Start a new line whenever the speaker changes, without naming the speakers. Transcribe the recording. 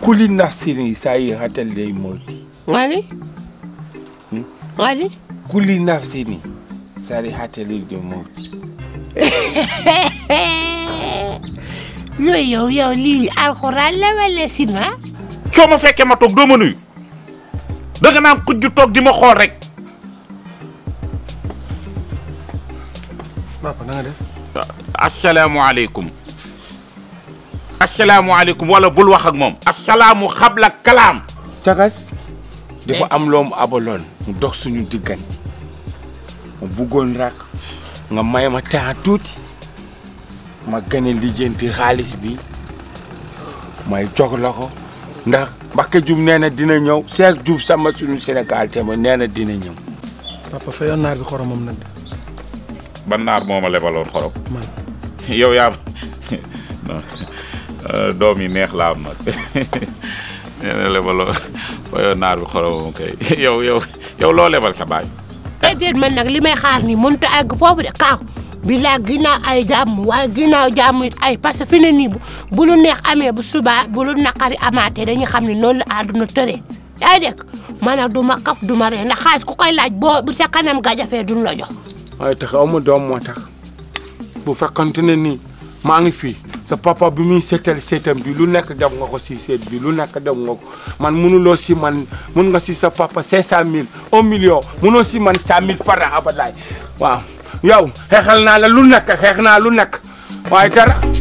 Kulli nafsin sayihatal lay mawti. Ngani? Hmm? Ngani? Kulli nafsin sayihatal lay mawti.
yooyu yow yow lii alxuraan la wala si na.
soo ma fekkee ma toog doo ma naan xujju toog di ma xool rek. asalaamualeykum asalaamualeykum wala bul wax ak moom. asalaamu xabla kalaam. cagas dafa am loomu abaloon mu dox suñu diggante mu buggoon rak nga may ma temps tuuti ma gën a lijjanti xaalis bi may jox la ko ndax Mbacké Diouf nee dina ñëw Cheikh Diouf sama suñu Sénégal te ma nee na dina ñëw. papa fayoon naa bi xoromam nag.
ban naar moo ma lebaloon xorom. yow yaa euh, doom yi neex la am nag nee na lebaloo fayoo naar bi xoromam kay yow loo lebal sa baay.
Eh, tey man nag li may xaar nii mënut a àgg foofu de kaaw. bilaa ginnaaw ay jàmm waaye ginnaaw jàmm ay parce que fi ne nii bu lu neex amee bu subaa bu lu naqari amaatee xam ne noonu la àdduna tëree. yaa ngi man nag du ma kaf du ma ree ndax xaalis ku koy laaj boo bu sa kanam gajafee duñ la jox.
waaye taxaw ma doom moo tax bu fekkante ne nii maa ngi fii sa papa bi muy seetal seetam bi lu nekk def nga ko si seet bi lu nekk def nga ko man mënuloo si man mën nga si sa papa cinq cent mille un million mënoo si man cent mille par an abadaay xeexal naa la lu nekk xeex naa lu nekk waaye dara